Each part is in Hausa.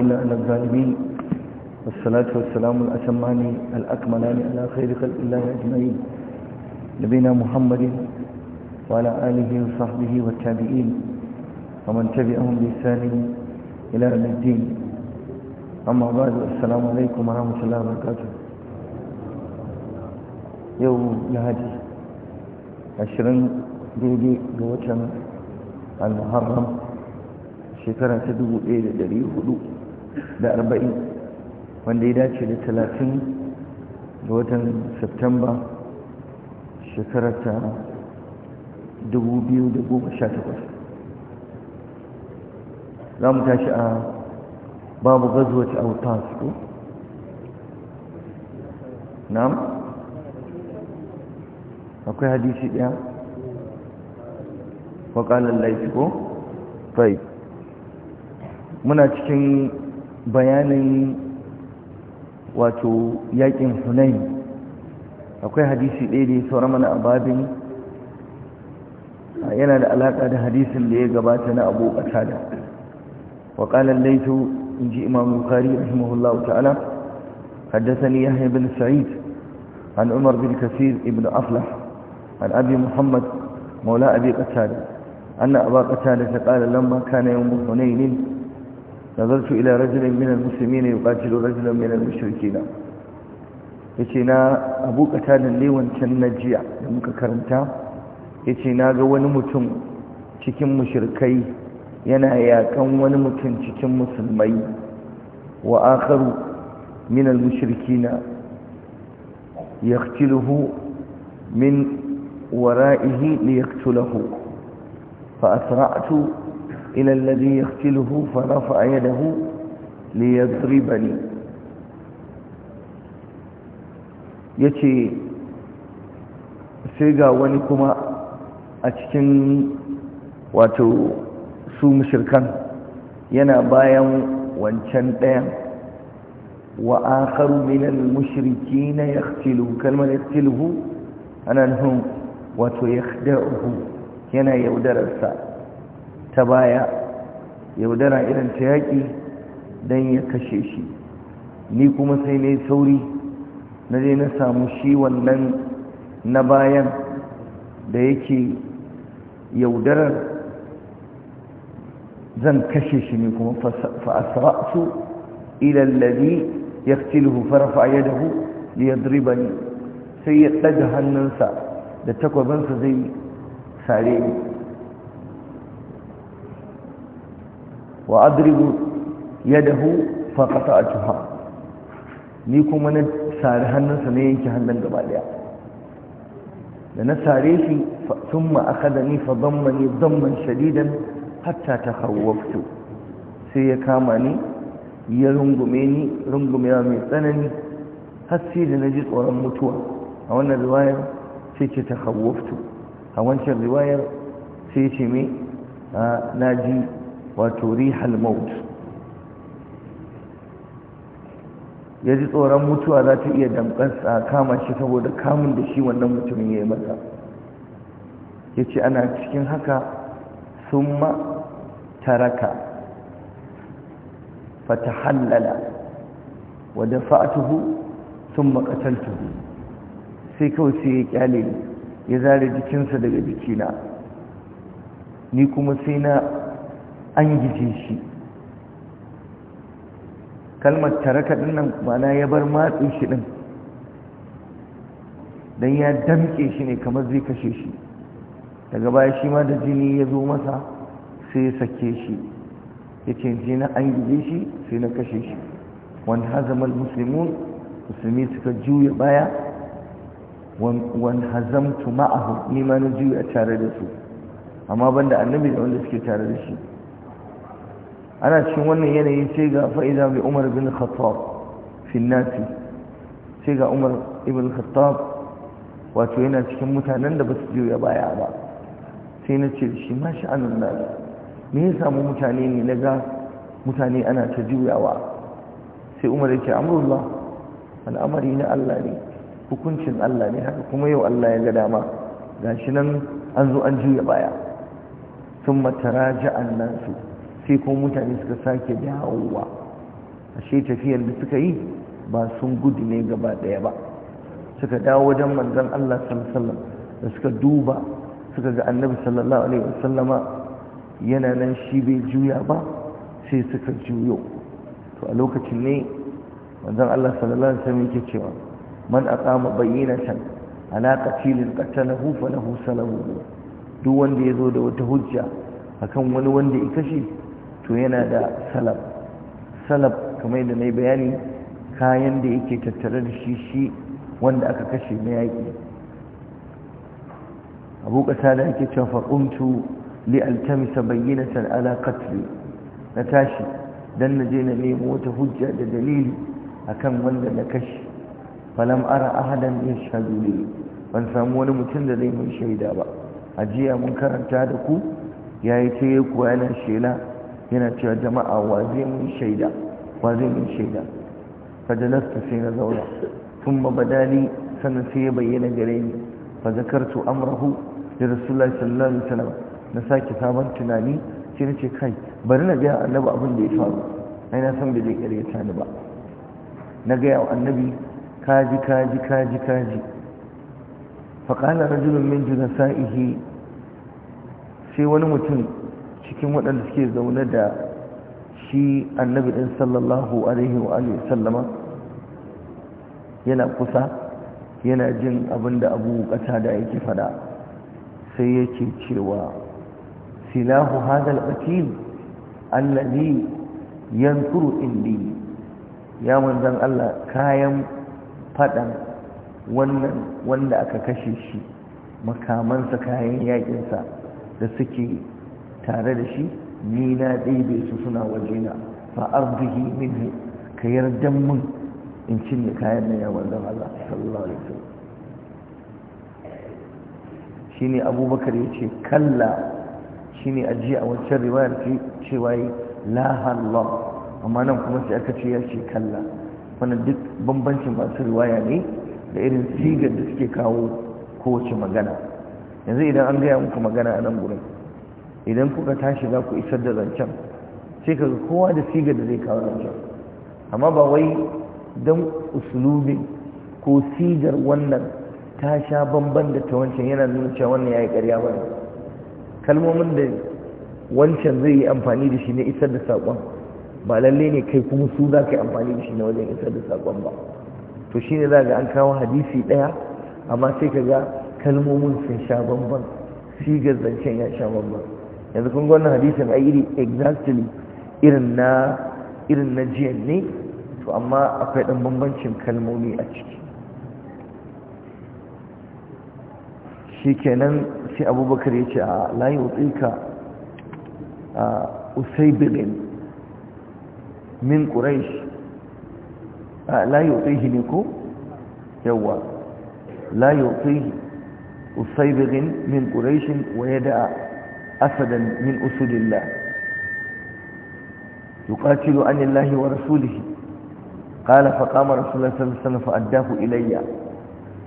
إلا على الظالمين والصلاة والسلام الأتمان الأكملان على خير خلق الله أجمعين نبينا محمد وعلى آله وصحبه والتابعين ومن تبعهم بإحسان إلى يوم الدين أما بعد السلام عليكم ورحمة الله وبركاته يوم لهدي عشرين ديدي قوة المحرم shekara ta dubu ɗaya da ɗari hudu da arba'in wanda ya dace da talatin ga watan septemba shekarar ta 2018 za mu tashi a babu gazuwa ta autas ko? na'am? akwai hadisi ɗaya? waƙalar laifi ko? fai muna cikin bayanin wato yakin hunain akwai hadisi ɗaya da ya saura mana ababin. yana da alaƙa da hadisin da ya gabata na abu qatada wa qala laytu inji imam bukhari rahimahullah ta'ala haddathani yahya bin sa'id an umar bin kasir ibn aflah an abi muhammad مولى أبي قتادة أن أبا قتادة lamba, لما كان يوم ne. نظرت إلى رجل من المسلمين يقاتل رجلا من المشركين يتنا أبو قتال اللي وانتن نجيع لمك كرمتا يتنا قوان متم تكم مشركي ينايا كوان متم تكم مسلمي وآخر من المشركين يقتله من ورائه ليقتله فأسرعت إلى الذي يقتله فرفع يده ليضربني يتي سيغا ونكما أتكن واتو su mushirkan yana bayan wancan ɗayan wa akharu minal mushrikina yaqtilu kalmar yaqtiluhu ana nufin wato yakhda'uhu yana yaudararsa ta baya yaudara irin ta yaƙi don ya kashe shi ni kuma sai na sauri na je na samu shi wannan na bayan da yake yaudarar zan kashe shi ne kuma fa'asra'su ilallabi ya ciluhu farfa yadahu liyadriba ne sai ya ɗaga hannunsa da takwabinsa zai sare ni ya dahu yadahu a qata'tuha ni kuma na sare hannunsa ne yanke hannun gaba daya da na sare shi thumma ni fa dammani damman shadidan hatta takhawwaftu sai ya kama ni ya rungume ni rungumewa mai tsanani har da na ji tsoron mutuwa a wannan riwayar sai ce takhawwaftu a wancan riwayar sai ce me na ji wato rihal maut ya ji tsoron mutuwa za ta iya damkansa kama shi saboda kamun da shi wannan mutumin ya yi mata ya ce ana cikin haka sun taraka fata hallala wadda fa'atuhu sun makatantuhu sai kawai sai ya kyale ya zare jikinsa daga jikina ni kuma sai na an gije shi kalmar taraka din nan mana ya bar matsi shi ɗin, dan ya damke shi ne kamar zai kashe shi daga baya shi ma da jini ya zo masa sai ya sake shi ya ce na an gije shi sai na kashe shi wani hazamar musulmi musulmi suka juya baya wani hazamtu ma'ahu nima na juya tare da su amma banda annabi da wanda suke tare da shi ana cikin wannan yanayi sai ga fa'iza bi umar bin khattab fi nasi sai ga umar ibn khattab wato yana cikin mutanen da ba su ya baya ba sai na ce shi ma sha'anun nasi me ya samu mutane ne na ga mutane ana ta juyawa sai umar yake amrullah al'amari na Allah ne hukuncin Allah ne haka kuma yau Allah ya ga dama gashi nan an zo an juya baya sun mataraja ja'an nasu sai ko mutane suka sake dawowa ashe tafiyar da suka yi ba sun gudu ne gaba ɗaya ba suka dawo wajen manzon Allah sallallahu da suka duba suka ga annabi sallallahu alaihi wasallama yana nan shi bai juya ba sai suka juyo to a lokacin ne manzon Allah sallallahu alaihi wasallam yake cewa man aqama bayyinatan ala qatilin qatalahu falahu salamu duk wanda ya zo da wata hujja akan wani wanda ya kashe to yana da salaf salaf kamar da na yi bayani kayan da yake tattare da shi shi wanda aka kashe na yaƙi abu ƙasa da ake cewa faƙuntu li altamisa bayyinatan ala qatli na tashi dan na je na nemo wata hujja da dalili akan wanda na kashe falam ara ahadan yashhadu li ban samu wani mutum da zai mun shaida ba ajiya mun karanta da ku yayi ta yi kuwa yana shela yana cewa jama'a wa mun shaida wa mun shaida fajalastu sai na zauna sun badali sannan sai ya bayyana gare ni fa zakartu amrahu da rasulullahi sallallahu alaihi wasallam na sake sabon tunani sai na ce kai bari na gaya annabi abin da ya faru ai na san bai zai karyata ni ba na ga wa annabi kaji kaji kaji kaji fa qala rajulun min junasa'ihi sai wani mutum cikin waɗanda suke zaune da shi annabi ɗin sallallahu alaihi wa sallama yana kusa yana jin abin da abu ƙasa da yake fada sai yake cewa silahu hadal ƙatil allazi yanturu indi ya manzan Allah kayan faɗan wannan wanda aka kashe shi makamansa kayan yaƙinsa da suke tare da shi ni na ɗebe su suna wajena fa arzihi ne ka yarda mun in cinye kayan na ya manzon Allah sallallahu alaihi wasallam shine Abubakar ya ce kalla shine ajiye a wancan riwayar ce cewa la halal amma nan kuma sai aka ce ce kalla wani duk bambancin masu riwaya ne da irin sigar da suke kawo kowace magana yanzu idan an gaya muku magana a nan gurin idan kuka tashi za ku isar da zancen sai ka kowa da sigar da zai kawo zancen amma ba wai don usulubin ko sigar wannan ta sha bamban da ta wancan yana nuna cewa wannan ya yi karya ba ne kalmomin da wancan zai yi amfani da shi na isar da saƙon ba lalle ne kai kuma su za ka yi amfani da shi na wajen isar da saƙon ba to shi ne za ga an kawo hadisi ɗaya amma sai ka ga kalmomin sun sha bamban sigar zancen ya sha bamban yanzu kun wannan hadisin a iri exactly irin na irin na jiyan ne to amma akwai ɗan bambancin kalmomi a ciki shi kenan sai abubakar ya ce a layi utsika a birin, min ƙuraish a layi shi ne ko yawwa layi usai birin min ƙuraishin wa ya da أسدا من أسود الله يقاتل عن الله ورسوله قال فقام رسول الله صلى الله عليه وسلم فأداه إلي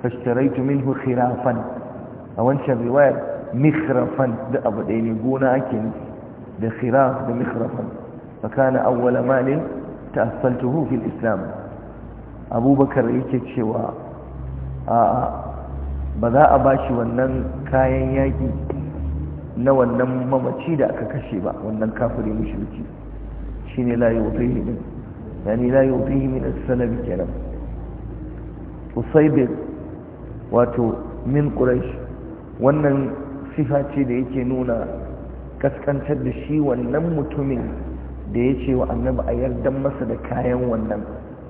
فاشتريت منه خرافا أو أنشى الرواية مخرفا ده أبدين قونا أكن ده خراف ده مخرفا فكان أول مال تأصلته في الإسلام أبو بكر يكت شواء آآ آه، آه. بذا أباشي ونن كاين ياجي na wannan mamaci da aka kashe ba wannan kafiri mushriki shine la yutihi din yani la yutihi min as salam kenan usayb wato min quraish wannan sifa ce da yake nuna kaskantar da shi wannan mutumin da ya ce wa annabi a yardan masa da kayan wannan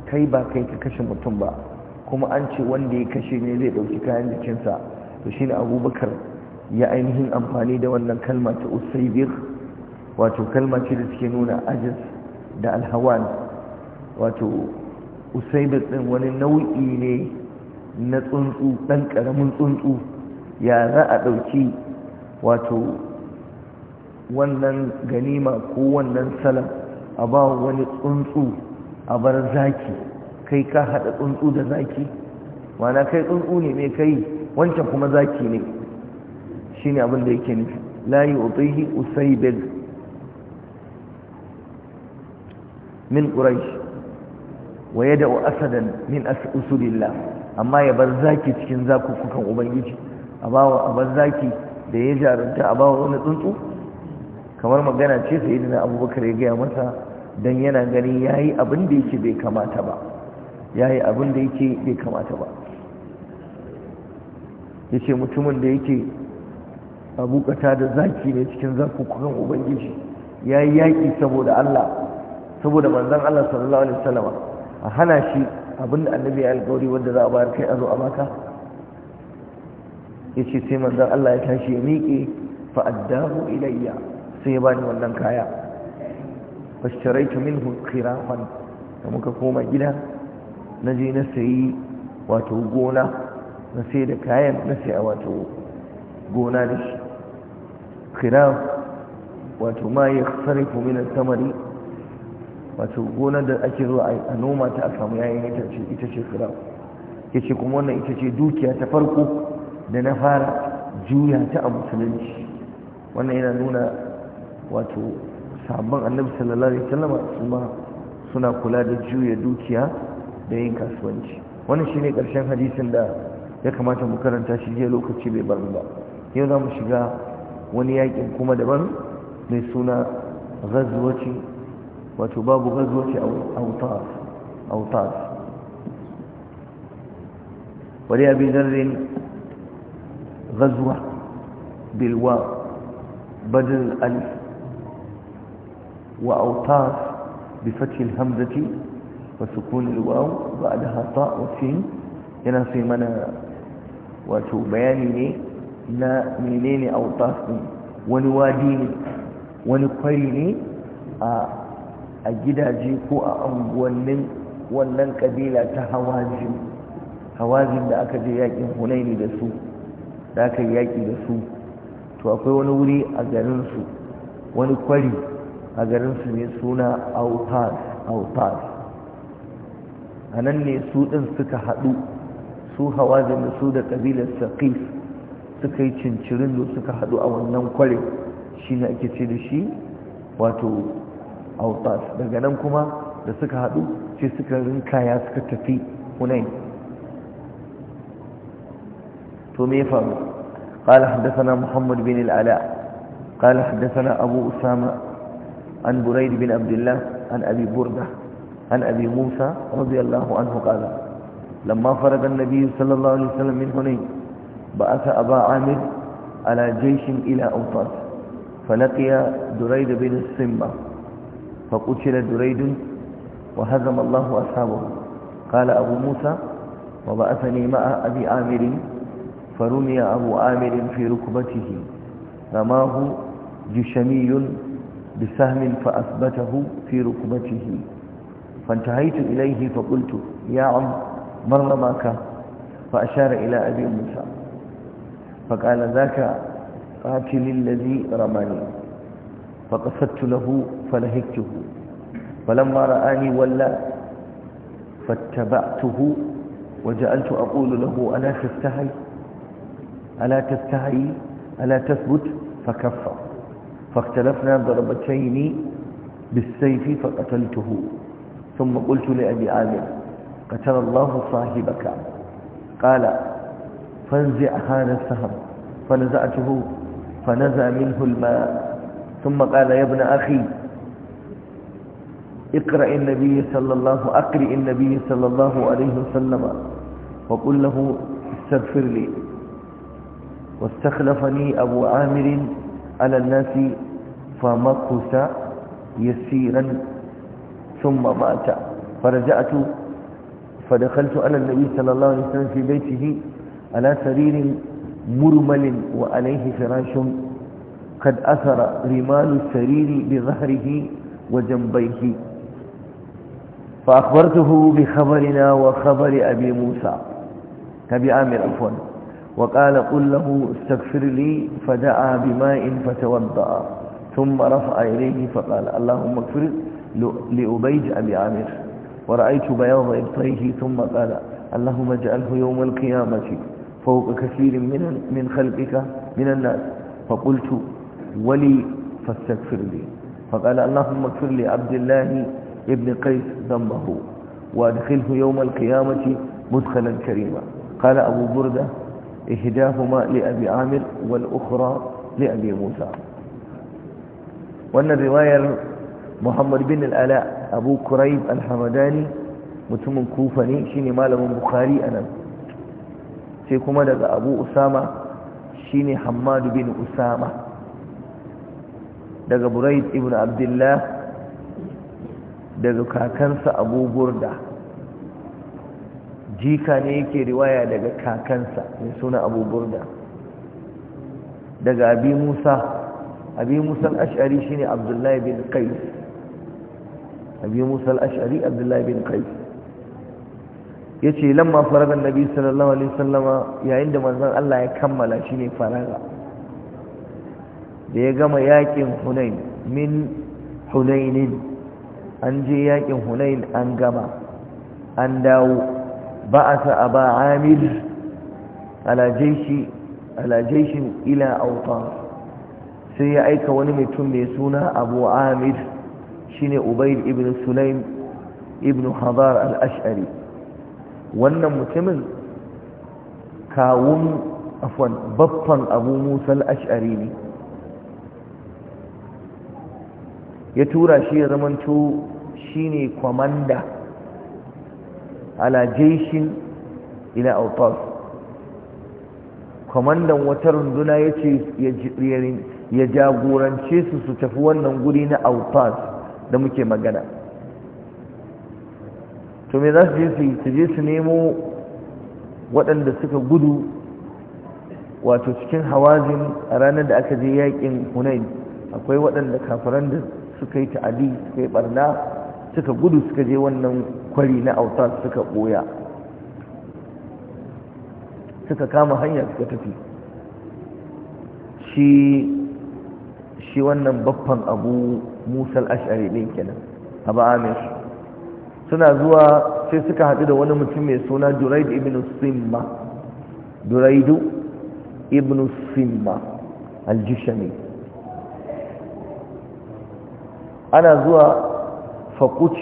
kai ba kai ka kashe mutum ba kuma an ce wanda ya kashe ne zai ɗauki kayan jikinsa to shi abubakar ya ainihin amfani da wannan kalma ta usaibir wato kalma ce da suke nuna ajis da alhawan wato usaibir din wani nau'i ne na tsuntsu ɗan ƙaramin tsuntsu ya za a ɗauki wato wannan ganima ko wannan salam a ba wani tsuntsu a bar zaki kai ka haɗa tsuntsu da zaki mana kai tsuntsu ne mai kai wancan kuma zaki ne shine abin da yake nufi la yu'tihi usaybid min quraish wa yad'u asadan min usudillah amma ya bar zaki cikin zakukukan ubangiji a a bar zaki da ya jarunta a bawa wani tsuntsu kamar magana ce sayyidina abubakar ya gaya masa dan yana gani yayi abin da yake bai kamata ba yayi abin da yake bai kamata ba yace mutumin da yake abu kata da zaki ne cikin zafukukan ubangiji ya yi yaƙi saboda Allah saboda manzon Allah sallallahu alaihi salama a hana shi abinda annabi ya alƙawari wanda za a bayar kai a zo a ce yace sai manzan Allah ya tashi ya miƙe fa ilayya sai ya bani wannan kaya fashtaraitu minhu khirafan da muka koma gida na je na sayi wato gona na sai da kayan na sai a wato gona da shi khilaf wato ma ya sarrafa min samari wato gona da ake zuwa a noma ta a samu yayin itace ita ce khilaf yace kuma wannan ita ce dukiya ta farko da na fara juya ta a musulunci wannan yana nuna wato sabon annabi sallallahu alaihi wasallam su ma suna kula da juya dukiya da yin kasuwanci wannan shine karshen hadisin da ya kamata mu karanta shi jiya lokaci bai bar ba yau za mu shiga wani yakin kuma daban mai suna ghazwaci wato babu ghazwaci autas autas wani abin zarrin ghazwa bilwa badal alif sukun بفتح الهمزة وسكون الواو wa طاء yana هنا mana wato bayani ne na menene autas ne wani wadi ne wani kwari ne a gidaje ko a unguwannin wannan kabila ta hawazin hawazin da aka je yakin hunaini da su da aka yaki da su to akwai wani wuri a garinsu wani kwari a garinsu ne suna autas autas a nan ne su ɗin suka haɗu su hawazin da su da ƙabilar saqif suka yi cincirin da suka haɗu a wannan kware shi ne ake ce da shi wato autas daga nan kuma da suka haɗu sai suka rinkaya suka tafi hunain to me ya faru قال حدثنا محمد bin العلاء قال حدثنا أبو Abu Usama? An بن bin الله An Ab'i بردة An Ab'i Musa? رضي الله عنه Lamma لما فرغ النبي صلى الله عليه وسلم بعث أبا عامر على جيش إلى أوطاس فلقي دريد بن الصمة فقتل دريد وهزم الله أصحابه قال أبو موسى وبعثني مع أبي عامر فرمي أبو عامر في ركبته رماه جشمي بسهم فأثبته في ركبته فانتهيت إليه فقلت يا عم من رماك فأشار إلى أبي موسى فقال ذاك قاتل الذي رماني فقصدت له فلهجته فلما رآني ولا فاتبعته وجعلت أقول له ألا تستحي ألا تستحي ألا تثبت فكف فاختلفنا ضربتين بالسيف فقتلته ثم قلت لأبي عامر قتل الله صاحبك قال فانزع هذا السهم فنزعته فنزع منه الماء ثم قال يا ابن أخي اقرأ النبي صلى الله أقرئ النبي صلى الله عليه وسلم وقل له استغفر لي واستخلفني أبو عامر على الناس فمكث يسيرا ثم مات فرجعت فدخلت على النبي صلى الله عليه وسلم في بيته على سرير مرمل وعليه فراش قد أثر رمال السرير بظهره وجنبيه فأخبرته بخبرنا وخبر أبي موسى أبي عامر عفوا وقال قل له استغفر لي فدعا بماء فتوضأ ثم رفع إليه فقال اللهم اغفر لأبيج أبي عامر ورأيت بياض إبطيه ثم قال اللهم اجعله يوم القيامة فوق كثير من من خلقك من الناس فقلت ولي فاستغفر لي فقال اللهم اغفر لعبد الله ابن قيس ذنبه وادخله يوم القيامة مدخلا كريما قال أبو بردة إهداهما لأبي عامر والأخرى لأبي موسى وأن الرواية محمد بن الألاء أبو كريب الحمداني متم كوفني شيني مالهم بخاري أنا sai kuma daga abu usama shine Hamadu bin usama daga buraid ibn abdullah daga kakansa abu burda jika ne yake riwaya daga kakansa mai suna abu burda daga abi musa abi musa al'ashari shine abdullahi bin qais abi musa al'ashari abdullahi bin qais yace lamma faraga annabi sallallahu alaihi sallama yayin da manzan Allah ya kammala ne faraga da ya gama yakin Hunain min Hunainin an je yakin Hunain an gama an dawo ba'asa aba amir ala ila awtar sai ya aika wani mutum mai suna abu amir shine ubayd ibn sulaim ibn hadar al-ash'ari wannan mutumin kawun afwan baffan abu musa al'ashari ne ya tura shi ya zamanto shi ne kwamanda ala ila autos kwamandan wata runduna ya ce ya jagorance su su tafi wannan guri na autos da muke magana to me za su je su je su nemo waɗanda suka gudu wato cikin hawazin a ranar da aka je yaƙin hunain akwai waɗanda kafiran da suka yi ta'adi suka yi barna suka gudu suka je wannan kwari na auta suka ɓoya suka kama hanya suka tafi shi wannan baffan abu musal ashari ɗin kenan abu shi suna zuwa sai suka haɗu da wani mutum mai suna duraid ibn simma duraidu ibn simma aljishami ana zuwa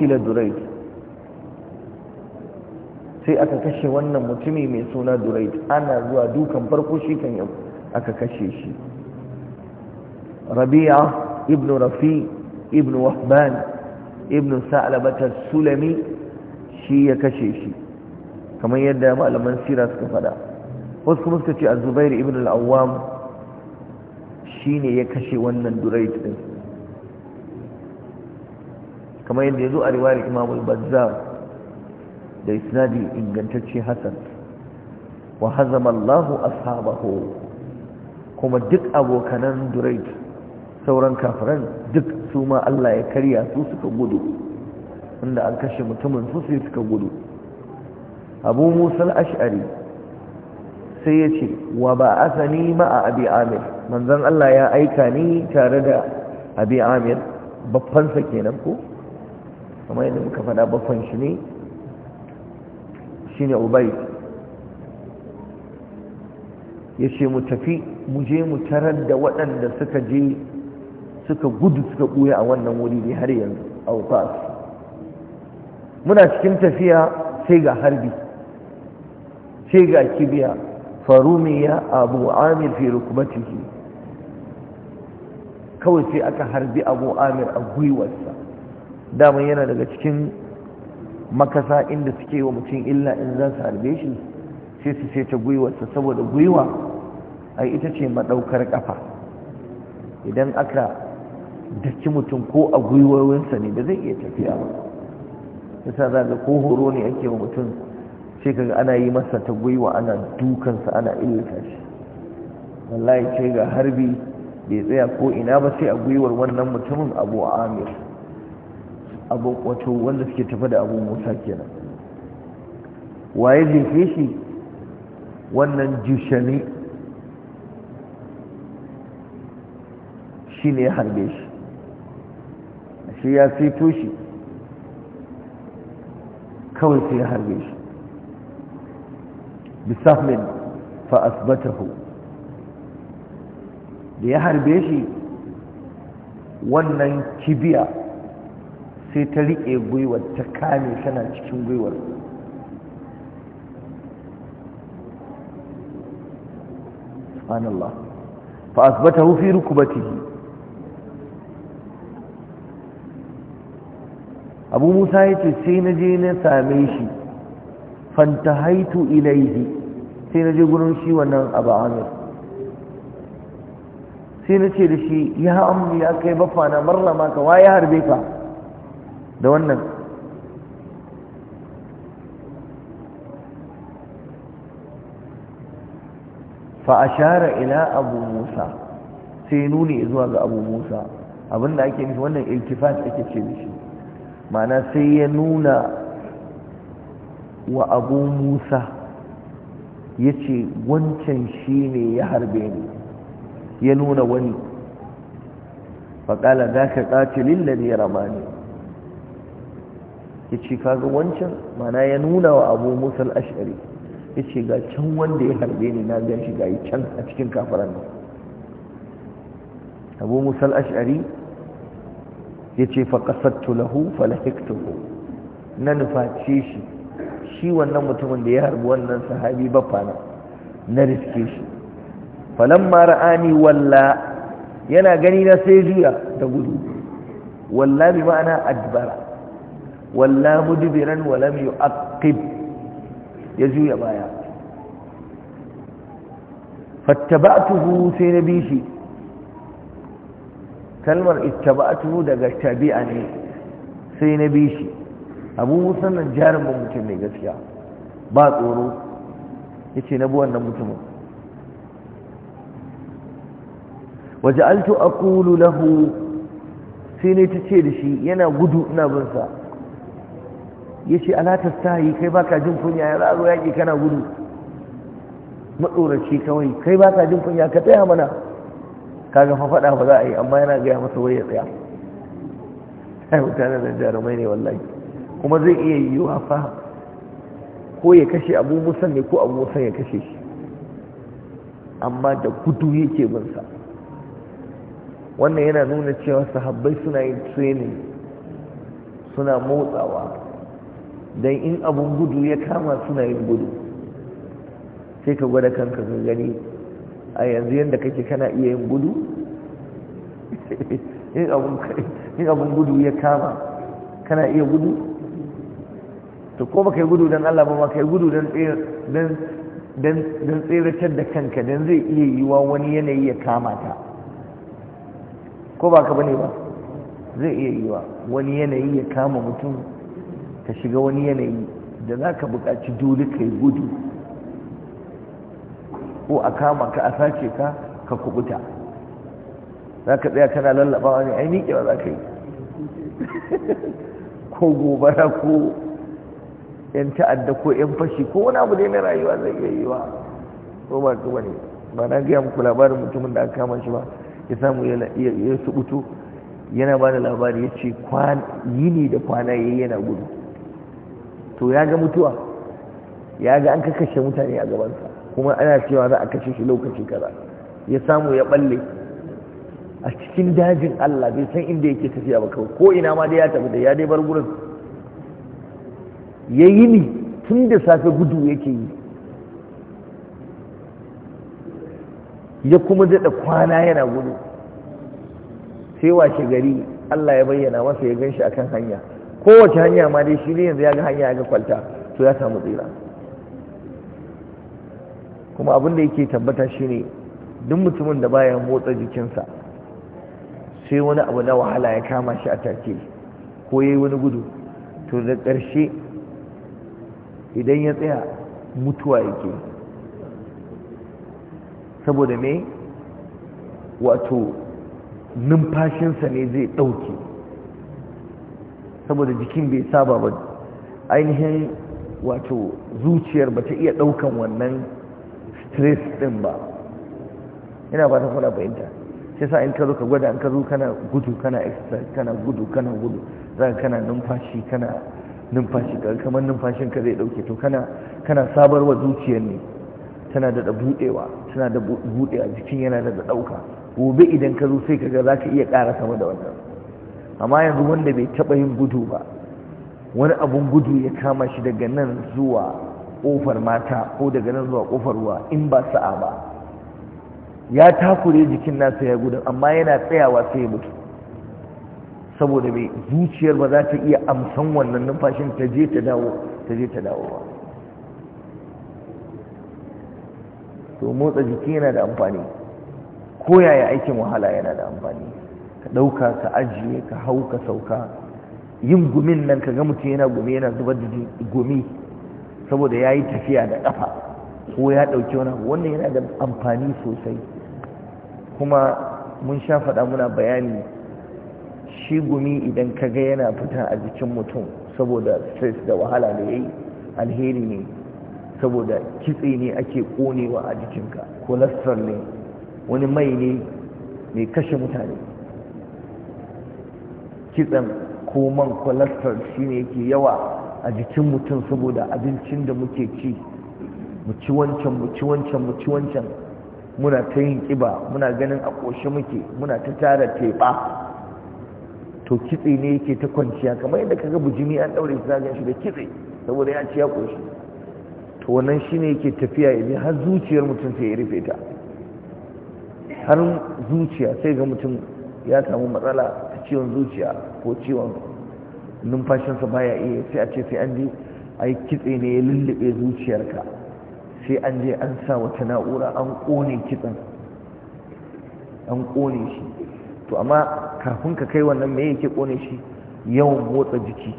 da duraid sai aka kashe wannan mutumi mai suna duraid ana zuwa dukan farko shi kan yau aka kashe shi rabi'a ibn rafi ibn wahban ibn salabatar sulami shi ya kashe shi kamar yadda malaman sira suka fada wasu kuma suka ce a Zubairu ibn al-awwam ne ya kashe wannan durayt din kamar yadda yazo a riwayar imam al-bazzar da isnadi ingantacce Hassan. wa hazama Allahu ashabahu kuma duk abokanan durayt sauran kafiran duk su ma Allah ya karya su suka gudu inda an kashe mutumin su sai suka gudu abu musal ash'ari sai ya ce wa ba asani ma'a abi amir manzan Allah ya aika ni tare da abi amir babbansa kenan ko kamar yadda muka faɗa babban shi ne shi ne ubai ya ce mu tafi mu je mu tarar da waɗanda suka je suka gudu suka ɓuya a wannan wuri ne har yanzu a wukas muna cikin tafiya sai ga harbi sai ga kibiya farumiya abu amir fi rukubatihi kawai sai aka harbi abu amir a gwiwarsa daman yana daga cikin makasa inda suke wa mutum illa in za su harbe shi sai su sai ta gwiwarsa saboda gwiwa a ita ce maɗaukar ƙafa idan aka daki mutum ko a gwiwowinsa ne da zai iya tafiya ba yasa za ga ko horo ne ake wa mutum ce ga ana yi masa ta gwiwa ana dukansa ana illata shi wallahi ce ga harbi bai tsaya ko ina ba sai a gwiwar wannan mutumin abu amir abu wato wanda suke tafi da abu musa kenan waye jefe shi wannan jushani shi ne ya harbe shi shi ya fito shi kawai sai ya harbe shi bisaflin fa asbatahu da ya harbe shi wannan kibiya sai ta riƙe gwiwar ta kame tana cikin gwiwar subhanallah fa asbatahu fi rukbatihi abu musa ya ce sai na je na same shi fanta fantahaitu ilaihi sai na je gurin shi wannan abu amir sai na ce da shi ya amri ya kai bafana marra maka wa ya harbe ka da wannan fa'ashara ila abu musa sai nuni zuwa ga abu musa abinda ake nufi wannan iltifat ake ce da shi Ma'ana sai ya nuna wa abu musa ya ce wancan shi ne ya harbe ni ya nuna wani faƙala za ka ƙatilin da ya rama ne ya ce kaga wancan ma'ana ya nuna wa abu musa al'ashari ya ce ga can wanda ya harbe ni na gan shi ga yi can a cikin kafaran abu musa al'ashari yace fa qasattu lahu falahiktuhu na nufaci shi shi wannan mutumin da ya harbi wannan sahabi bafana na riske shi falamma ra'ani walla yana gani na sai juya da gudu walla bi ma'ana adbara walla mudbiran wa lam yu'aqib ya juya baya fattaba'tuhu sai na bi shi kalmar ittaba'atuhu daga tabi'a ne sai na bi shi abu musan nan ba mutum mai gaskiya ba tsoro Ya ce na bi wannan mutumin a kulu lahu sai ne ce da shi yana gudu ina bin sa yace ala yi kai baka jin kunya ya zaro yaki kana gudu matsoraci kawai kai baka jin kunya ka tsaya mana kaga fa faɗa ba za a yi amma yana gaya masa wai ya tsaya ai mutane da jarumai ne wallahi kuma zai iya yiwuwa fa ko ya kashe abu musan ne ko abu musan ya kashe shi amma da gudu yake bin sa wannan yana nuna cewa sahabbai suna yin training suna motsawa don in abun gudu ya kama suna yin gudu sai ka gwada kanka ka gani a yanzu yadda kake kana iya yin gudu in abin gudu ya kama kana iya gudu to ko ba kai gudu don Allah ba ma kai gudu don tseratar da kanka don zai iya yiwa wani yanayi ya kama ta ko ba ka bane ba zai iya yiwa wani yanayi ya kama mutum ka shiga wani yanayi da za ka buƙaci dole kai gudu ko a kama ka a sace ka ka kubuta za ka tsaya kana lallabawa ne ai ba za ka yi ko gobara ko yan ta'adda ko yan fashi ko wani abu da na rayuwa zai iya yi wa ko ba ka bane ba na gaya muku labarin mutumin da aka kama shi ba ya samu ya subutu yana ba da labari ya ce yini da kwana ya yana gudu to ya ga mutuwa ya ga an kakashe mutane a gabansa kuma ana cewa za a kashe shi lokaci kaza ya samu ya balle a cikin dajin Allah bai san inda yake tafiya ba kawai ko ina ma dai ya tafi da ya dai bar gurin ya yi ni tun da safe gudu yake yi ya kuma daɗa kwana yana gudu sai washe gari Allah ya bayyana masa ya gan shi akan hanya kowace hanya ma dai shi ne yanzu ya ga hanya ya ga kwalta to ya samu tsira kuma abin da yake tabbata shine duk mutumin da baya motsa jikinsa sai wani abu na wahala ya kama shi a take ko yayi wani gudu to da ƙarshe idan ya tsaya mutuwa yake saboda me wato numfashinsa ne zai ɗauke saboda jikin bai saba ba ainihin wato zuciyar ba ta iya ɗaukan wannan stress din ba ina ba ta kuna fahimta shi sa in ka zo ka gwada in ka zo kana gudu kana exercise kana gudu kana gudu za ka kana numfashi kana numfashi kamar numfashin ka zai dauke to kana kana sabarwa zuciyar ne tana da budewa tana da budewa jikin yana da dauka gobe idan ka zo sai ka ga za ka iya ƙara sama da wannan amma yanzu wanda bai taɓa yin gudu ba wani abun gudu ya kama shi daga nan zuwa kofar mata ko daga nan zuwa kofar ruwa in ba sa'a ba ya takure jikin nasa ya gudun amma yana tsayawa sai ya mutu saboda mai zuciyar ba za ta iya amsan wannan numfashin ta je ta dawo ta je ta dawo ba to motsa jiki yana da amfani ko yaya aikin wahala yana da amfani ka ɗauka ka ajiye ka hau ka sauka yin gumin nan ka ga mutum yana gumi yana zubar da gumi saboda ya yi tafiya da ƙafa ko ya ɗauki wani wannan yana da amfani sosai kuma mun sha faɗa muna bayani shi gumi idan ka ga yana fita a jikin mutum saboda stress da wahala da ya yi alheri ne saboda kitse ne ake ƙonewa a jikinka cholesterol ne wani mai ne mai kashe mutane kitsen ko man cholesterol shi ne yake yawa a jikin mutum saboda abincin da muke ci mu ci wancan mu ci wancan mu ci wancan muna ta yin kiba muna ganin a ƙoshe muke muna ta tara teɓa to kitse ne yake ta kwanciya kamar yadda kaga bujimi an ɗaure shi zagan shi da kitse saboda ya ci ya ƙoshi to wannan shi ne yake tafiya ya har zuciyar mutum sai ya rufe ta har zuciya sai ga mutum ya samu matsala ta ciwon zuciya ko ciwon numfashinsa baya iya sai a ce sai an je yi kitse ne ya lullube zuciyarka sai an je an sa wata na'ura an kone kitsen an kone shi to amma kafin ka kai wannan me yake kone shi yawan motsa jiki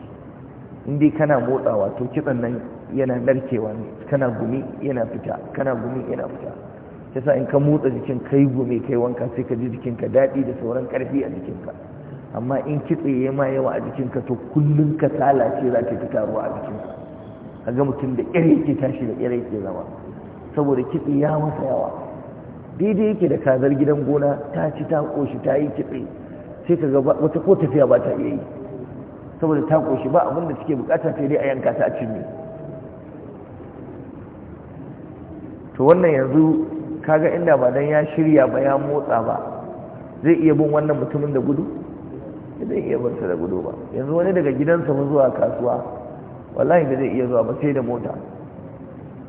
in dai kana motsawa to kitsen nan yana narkewa ne kana gumi yana fita kana gumi yana fita yasa in ka motsa jikin kai gumi kai wanka sai ka ji jikinka daɗi da sauran ƙarfi a jikinka amma in kitse ya ma yawa a jikinka to kullum ka ce za ta fi taruwa a jikinka a ga mutum da ƙyar yake tashi da ƙyar yake zama saboda kitse ya masa yawa daidai yake da kazar gidan gona ta ci ta ƙoshi ta yi kitse sai ka ga wata ko tafiya ba ta iya yi saboda ta ƙoshi ba abin da suke bukata sai dai a yanka ta a cinye to wannan yanzu kaga inda ba dan ya shirya ba ya motsa ba zai iya bin wannan mutumin da gudu ba zai iya barsa da gudu ba yanzu wani daga gidansa mu zuwa kasuwa wallahi ba zai iya zuwa ba sai da mota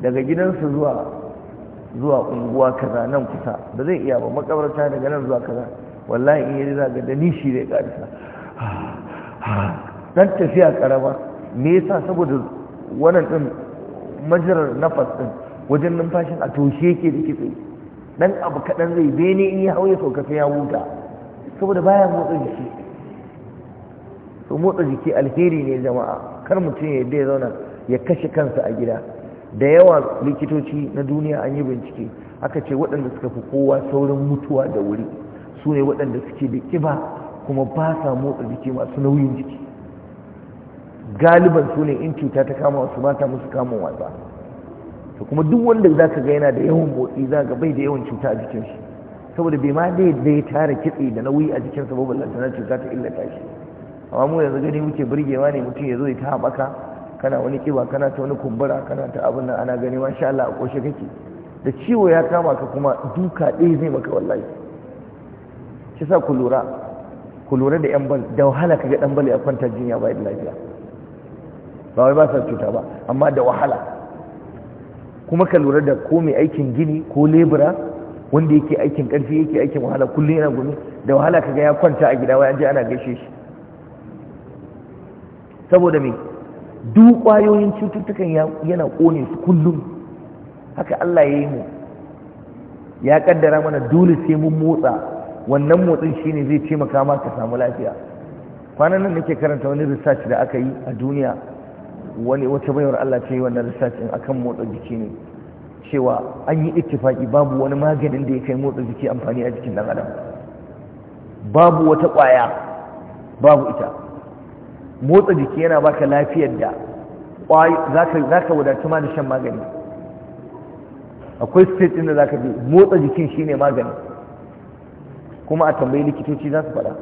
daga gidansa zuwa zuwa unguwa kaza nan kusa ba zai iya ba makabarta daga nan zuwa kaza wallahi in yi zaga da nishi zai karisa dan tafiya karama me yasa saboda wannan din majirar nafas din wajen numfashin a toshe yake da kitse dan abu kadan zai bene in ya hauye sauka sai ya huta saboda baya motsa jiki to motsa jiki alheri ne jama'a kar mutum ya yadda ya zauna ya kashe kansa a gida da yawa likitoci na duniya an yi bincike aka ce waɗanda suka fi kowa saurin mutuwa da wuri su ne waɗanda suke da ƙiba kuma ba sa motsa jiki masu nauyin jiki galiban su ne in cuta ta kama wasu mata musu kama wasa to kuma duk wanda za ka ga yana da yawan motsi za ga bai da yawan cuta a jikin shi saboda bai ma dai dai tara kitse da nauyi a jikinsa ba ballantana cuta ta illata shi amma mu yanzu gani muke burgewa ne mutum ya zo ya ta baka kana wani kiba kana ta wani kumbura kana ta abin nan ana gani masha Allah a koshe kake da ciwo ya kama ka kuma duka ɗaya zai maka wallahi shi sa ku lura ku lura da yan bal da wahala kaga dan bal ya kwanta jinya ba lafiya ba wai ba sa cuta ba amma da wahala kuma ka lura da ko mai aikin gini ko lebura wanda yake aikin karfi yake aikin wahala kullum yana gumi da wahala kaga ya kwanta a gida wai an je ana gaishe shi saboda mai duk kwayoyin cututtukan yana kone su kullum haka Allah ya yi mu ya kaddara mana dole sai mun motsa wannan motsin shine zai taimaka makama ka samu lafiya kwanan nan nake karanta wani research da aka yi a duniya wani wata bayar Allah ce yi wannan research din akan motsa jiki ne cewa an yi ittifaki babu wani maganin da ya kai motsa jiki amfani a jikin ɗan adam babu wata kwaya babu ita motsa jiki yana baka lafiyar da za ka wadatu ma da shan magani akwai state inda za ka bi motsa jikin shine magani kuma a tambayi likitoci za su faɗa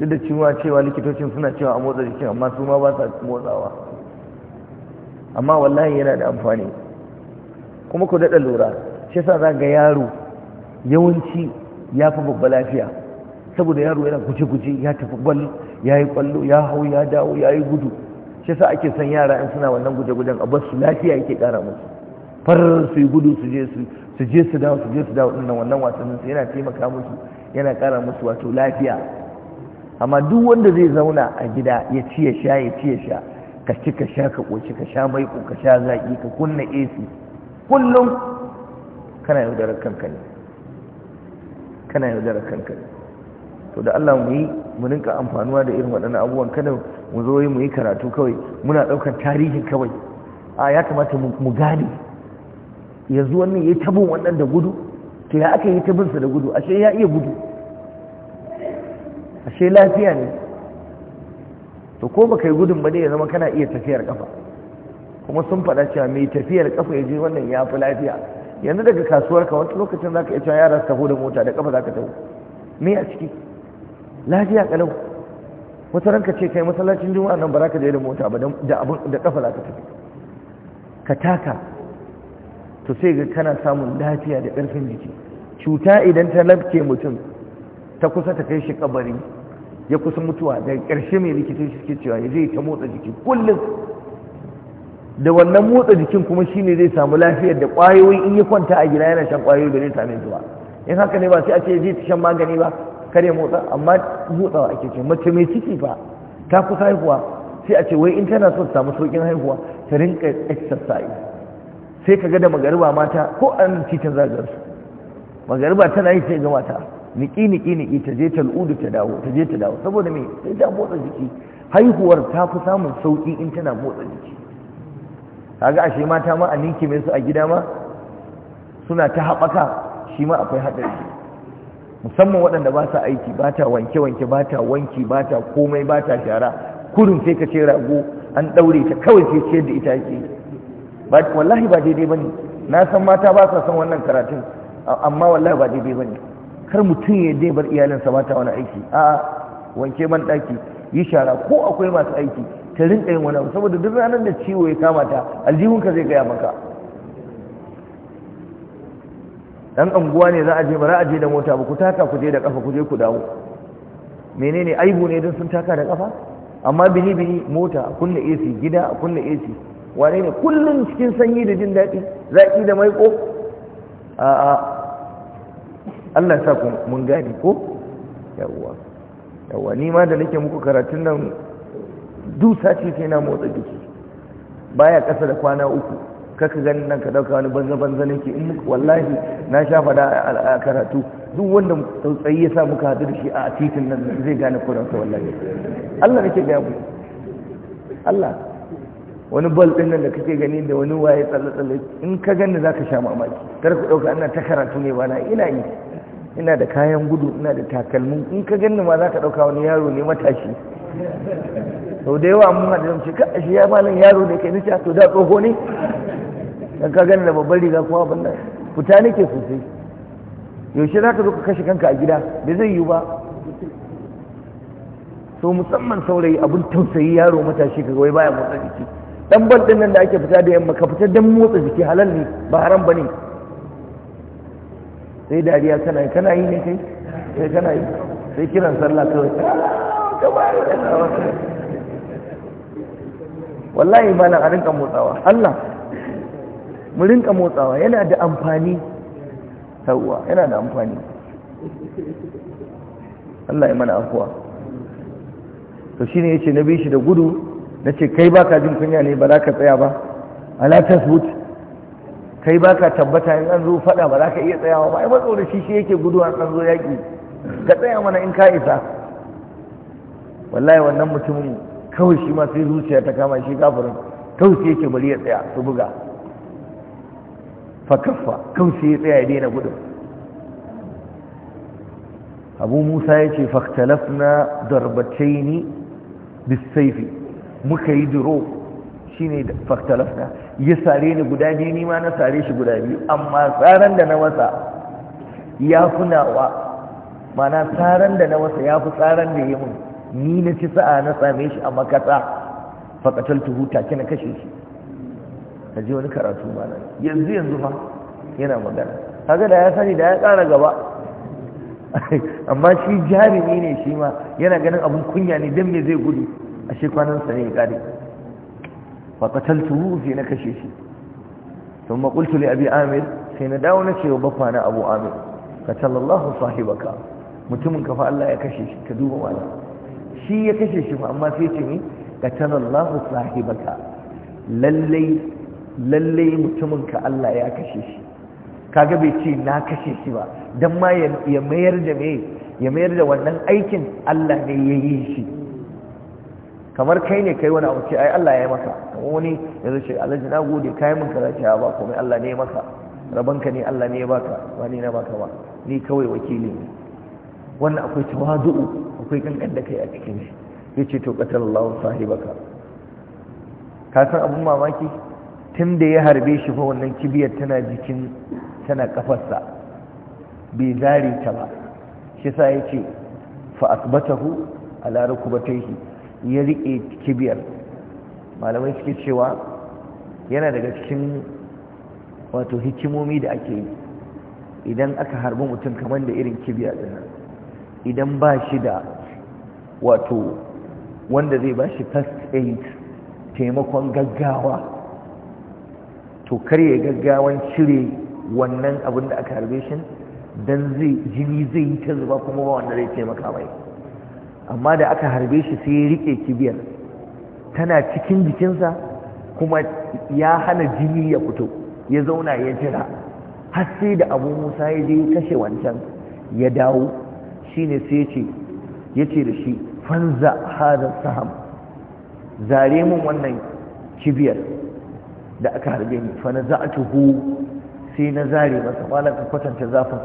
duk da cewa cewa likitocin suna cewa a motsa jikin amma su ma ba sa motsawa amma wallahi yana da amfani kuma ku daɗa lura shi sa za ga yaro yawanci ya fi babba lafiya saboda yaro yana guje-guje ya tafi ya yi kwallo ya hau ya dawo ya yi gudu shi sa ake son yara in suna wannan guje-gujen a basu lafiya yake kara musu farar su yi gudu su je su je su dawo su je su dawo dinnan wannan wasannin su yana taimaka musu yana kara musu wato lafiya amma duk wanda zai zauna a gida ya ci ya sha ya ci ya sha ka ci ka sha ka koci ka sha maiko ka sha zaki ka kunna AC kullum kana yaudarar kanka ne kana yaudarar kanka ne to da Allah mu yi mu rinka amfanuwa da irin waɗannan abubuwan kada mu zo yi mu yi karatu kawai muna ɗaukar tarihin kawai a ya kamata mu gane yanzu wannan ya tabin wannan da gudu to ya aka yi tabinsa da gudu ashe ya iya gudu ashe lafiya ne to ko baka yi gudun ba ne ya zama kana iya tafiyar kafa kuma sun faɗa cewa mai tafiyar kafa ya je wannan ya fi lafiya yanzu daga kasuwar ka wani lokacin za ka iya cewa yara su taho da mota da kafa za ka taho me a ciki lafiya kalau wata ranka ce kai masallacin juma'a nan ba za ka je da mota ba da abin da kafa za ka tafi ka taka to sai ga kana samun lafiya da ƙarfin jiki cuta idan ta lafke mutum ta kusa ta kai shi kabari ya kusa mutuwa daga ƙarshe mai rikici shi suke cewa ya zai ta motsa jiki kullum da wannan motsa jikin kuma shi ne zai samu lafiyar da ƙwayoyi in yi kwanta a gida yana shan ƙwayoyi da zai same zuwa in haka ne ba sai a ce zai ta shan magani ba kare motsa amma motsawa ake ce mace mai ciki ba ta kusa haihuwa sai a ce wai in tana so ta samu sokin haihuwa ta rinka exercise sai ka ga da magariba mata ko an titin zagar su magariba tana yi sai ga mata niki niki niki ta je tal'udu ta dawo ta je ta dawo saboda me sai ta motsa jiki haihuwar ta fi samun sauki in tana motsa jiki kaga ashe mata ma a ninke mai su a gida ma suna ta haɓaka shi ma akwai haɗari musamman waɗanda ba sa aiki ba ta wanke-wanke ba ta wanki ba ta komai ba ta shara kurin sai ka ce rago an ɗaure ta kawai sai ciyar da ita ake wallahi ba daidai ba ne na san mata ba sa son wannan karatun amma wallahi ba daidai ba ne kar mutum ya dai bar iyalinsa ba ta wani aiki a wanke man ɗaki yi shara ko akwai masu aiki ta rinƙa yin wani abu saboda duk ranar da ciwo ya kamata, aljihunka zai gaya maka dan anguwa ne za a je ba za a je da mota ba ku taka ku je da kafa ku je ku dawo menene aibu ne don sun taka da kafa amma bini bini mota kunna AC gida kunna AC wane ne kullun cikin sanyi da jin daɗi zaki da maiƙo a a Allah sa ku mun gani ko yawwa yawwa ni ma da nake muku karatun nan dusa ce sai na motsa jiki baya ƙasa da kwana uku kaka gani nan ka dauka wani banza banza nake in wallahi na sha fada a karatu duk wanda tsautsayi ya sa muka hadu da shi a titin nan zai gane kuransa wallahi Allah nake ga mu Allah wani bal din nan da kake gani da wani waye tsalle tsalle in ka gani zaka sha mamaki kar ku dauka ina ta karatu ne bana ina ni ina da kayan gudu ina da takalmin in ka gani ma zaka dauka wani yaro ne matashi sau da yawa mun haɗu da mace ka shi ya malin yaro ne kai nace to da tsoho ne dan ka gani da babbar riga kuma abin nan fita nake sosai yaushe za ka zo ka kashe kanka a gida da zai yi ba so musamman saurayi abin tausayi yaro matashi ka wai baya motsa jiki dan bal din nan da ake fita da yamma ka fita dan motsa jiki halal ne ba haram bane sai dariya kana kana yi ne kai sai eh, kana yi sai kiran sallah kawai ah, wallahi na a rinka motsawa Allah mu rinka motsawa yana da amfani tawwa yana da amfani Allah ya mana afuwa to shine yace na bi shi da gudu nace kai baka jin kunya ne ba za ka tsaya ba ala tasbut kai baka tabbata in an zo fada ba za ka iya tsayawa ba ai matso da shi shi yake gudu an zo yaki ka tsaya mana in ka isa wallahi wannan mutumin kawai shi ma sai zuciya ta kama shi kafirin kawai sai yake bari ya tsaya su buga fakaffa kaushe ya tsaya daina gudun abu musa ya ce faktalafna darbacaini bisaifi muka yi duro shi ne faktalafna ya sare ni guda biyu ni ma na sare shi guda biyu amma tsaron da na wasa ya fi nawa mana tsaron da na wasa ya fi tsaron da ya mun ni na ci sa'a na same shi a makasa fakataltuhu take na kashe shi na ji wani karatu nan, yanzu yanzu fa yana magana kaga da ya sani da ya ƙara gaba amma shi jarumi ne shi ma yana ganin abun kunya ne don me zai gudu a shekwanan sa ne ya ƙare fa qataltuhu sai na kashe shi thumma qultu li abi amir sai na dawo na ce wa bafa na abu amir qatalallahu sahibaka mutumin kafa Allah ya kashe shi ka duba malam shi ya kashe shi fa amma sai ce ni qatalallahu sahibaka lallai lalle mutumin ka Allah ya kashe shi kaga bai ce na kashe shi ba dan ma ya mayar da me ya mayar da wannan aikin Allah ne ya yi shi kamar kai ne kai wani abu ce ai Allah ya yi maka wani yanzu ce alhaji na gode kai min kaza ce ba komai Allah ne ya maka rabanka ne Allah ne ya baka ba ni na baka ba ni kawai wakili ne wannan akwai tawadu akwai kankan da kai a cikin shi yace to qatal sahibaka ka san abun mamaki tun da ya harbe shi fa wannan kibiyar tana jikin tana kafarsa bai zare ta ba shi sa ya ce fa ba ta rukubatayhi ya rike kibiyar malamai suke cewa yana daga cikin wato hikimomi da ake yi idan aka harbi mutum kamar da irin kibiya din idan ba shi da wato wanda zai ba shi first aid taimakon gaggawa to kar ya gaggawan cire wannan abin da aka harbe shi dan zai jini zai yi ta zuba kuma ba wanda zai taimaka mai amma da aka harbe shi sai ya rike kibiyar tana cikin jikinsa kuma ya hana jini ya fito ya zauna ya jira har sai da abu musa ya je kashe wancan ya dawo shine sai ce ya ce da shi fanza hadar saham zare mun wannan kibiyar da aka harbe ni fa na za'atuhu sai na zare masa malam ka kwatanta zafin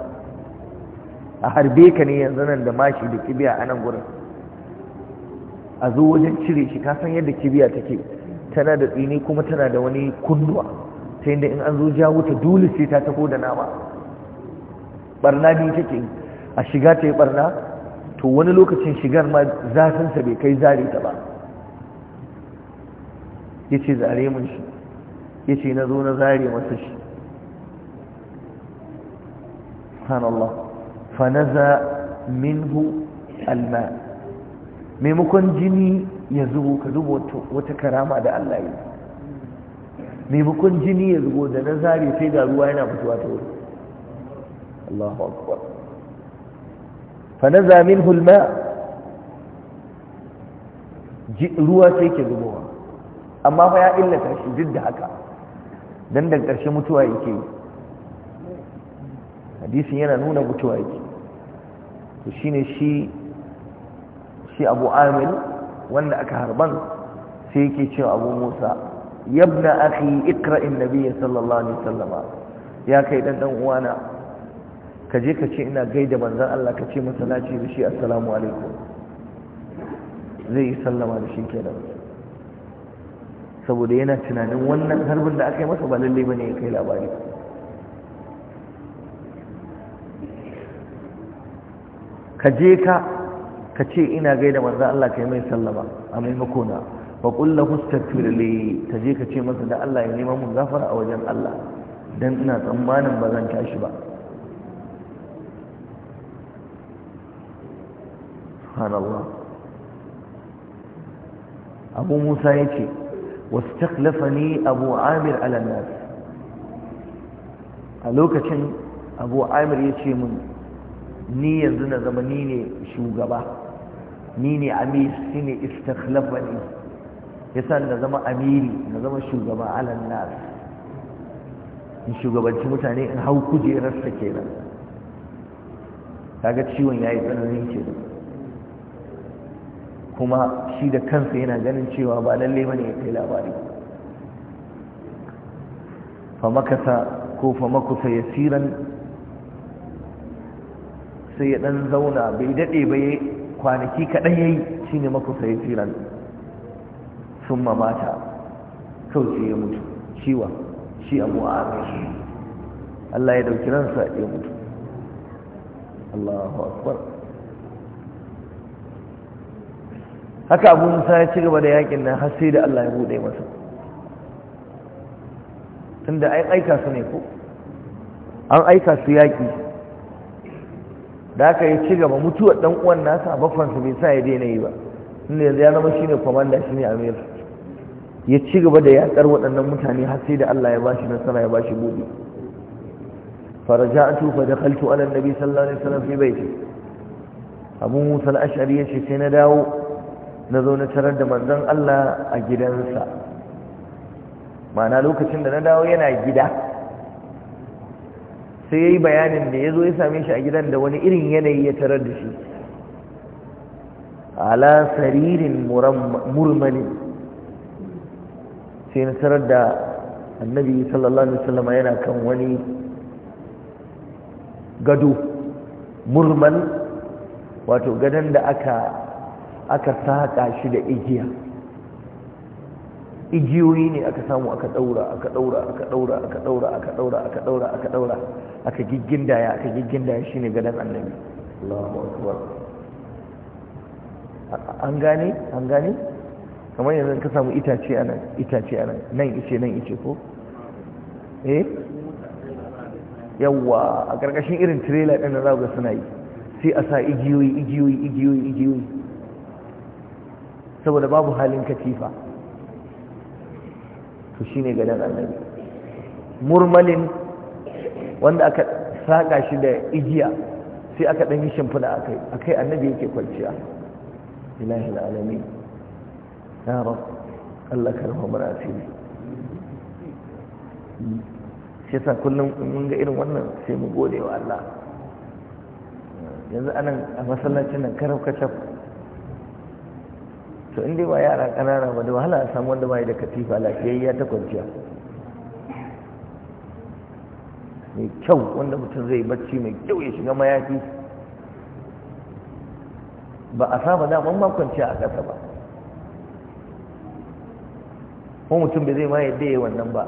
a harbe ka ne yanzu nan da mashi da kibiya a nan gurin a zo wajen cire shi ka san yadda kibiya take tana da tsini kuma tana da wani kunnuwa ta yadda in an zo ja wuta dole sai ta taho da nama barna ne take a shiga ta yi barna to wani lokacin shigar ma zafinsa bai kai zare ta ba ya ce zare mun shi ya ce na zo na zare masa shi subhanallah fanaza minhu alma maimakon jini ya zubo ka zubo wata karama da Allah yi maimakon jini ya zubo da na zare sai ga ruwa yana fitowa ta wuri Allahu akbar fanaza minhu alma ruwa sai ke zubowa amma fa ya illata shi duk da haka dan da ƙarshe mutuwa yake yi hadisin yana nuna mutuwa yake to shine shi shi Abu Amir wanda aka harban sai yake cewa Abu Musa yabna akhi ikra'in nabiya sallallahu alaihi wasallama ya kai dan uwana ka je ka ce ina gaida manzon Allah ka ce masallaci da shi assalamu alaikum zai yi sallama da shi kenan saboda yana tunanin wannan harbin da aka yi masa ba lalle bane ya kai labari ka je ka ka ce ina gaida manzan Allah yi mai sallama a maimako na fa qul lahu astaghfir ka je ka ce masa da Allah ya nema mun gafara a wajen Allah dan ina tsammanin ba zan tashi ba subhanallah abu musa ya ce واستخلفني أبو عامر على الناس a lokacin abu amir ya ce mun ni yanzu na zama ni ne shugaba ni ne amir shi ne istakhlafa ne yasa na zama amiri na zama shugaba alan in shugabanci mutane in hau kujerarsa kenan kaga ciwon yayi tsananin kuma shi da kansa yana ganin cewa ba lalle bane ya kai labari fa makasa ko fa makusa yasiran sai ya dan zauna bai dade ba yayi kwanaki kadan yayi shine makusa ya yasiran summa mata kauce ya mutu ciwa shi abu amir Allah ya dauki ransa ya mutu Allahu akbar haka abu musa ya ci gaba da yakin nan har sai da Allah ya bude masa tunda ai aika su ne ko an aika su yaki da aka yi ci gaba mutuwar dan uwan nasa bafansa bai sa ya daina yi ba tunda yanzu ya zama shine komanda shine amir ya ci gaba da yakar waɗannan mutane har sai da Allah ya bashi nasara ya bashi bude فرجعت فدخلت على النبي صلى الله عليه وسلم في بيته abu musa al'ashari ya ce sai na dawo na zo na tarar da manzon Allah a gidansa ma'ana lokacin da na dawo yana gida sai ya yi bayanin da ya zo ya same shi a gidan da wani irin yanayi ya tarar da shi ala saririn murmani sai na tarar da annabi sallallahu alaihi wasallam yana kan wani gado murman wato gadon da aka aka saƙa shi da igiya igiyoyi ne aka samu aka ɗaura aka ɗaura aka ɗaura aka ɗaura aka ɗaura aka ɗaura aka ɗaura aka ya aka shi ne gadan annabi Allahu akbar an gane an gane kamar yanzu ka samu itace anan itace anan nan ice nan ice ko eh yawa a ƙarƙashin irin trailer ɗin da za ga suna yi sai a sa igiyoyi igiyoyi igiyoyi igiyoyi saboda babu halin katifa to shine gadon annabi murmalin wanda aka saka shi da igiya sai aka ɗan yi shimfiɗa a kai a kai annabi yake kwanciya ilahi al'alami. ya rab Allah ka rufa mana asiri shi yasa kullum mun ga irin wannan sai mu gode wa Allah yanzu anan a masallacin nan karau kacaf to inda ba yara kanana ba da wahala a samu wanda bai da katifa lafiyayya ta kwanciya mai kyau wanda mutum zai bacci mai kyau ya shiga mayafi ba a saba daman ma kwanciya a ƙasa ba ko mutum bai zai ma yadda ya wannan ba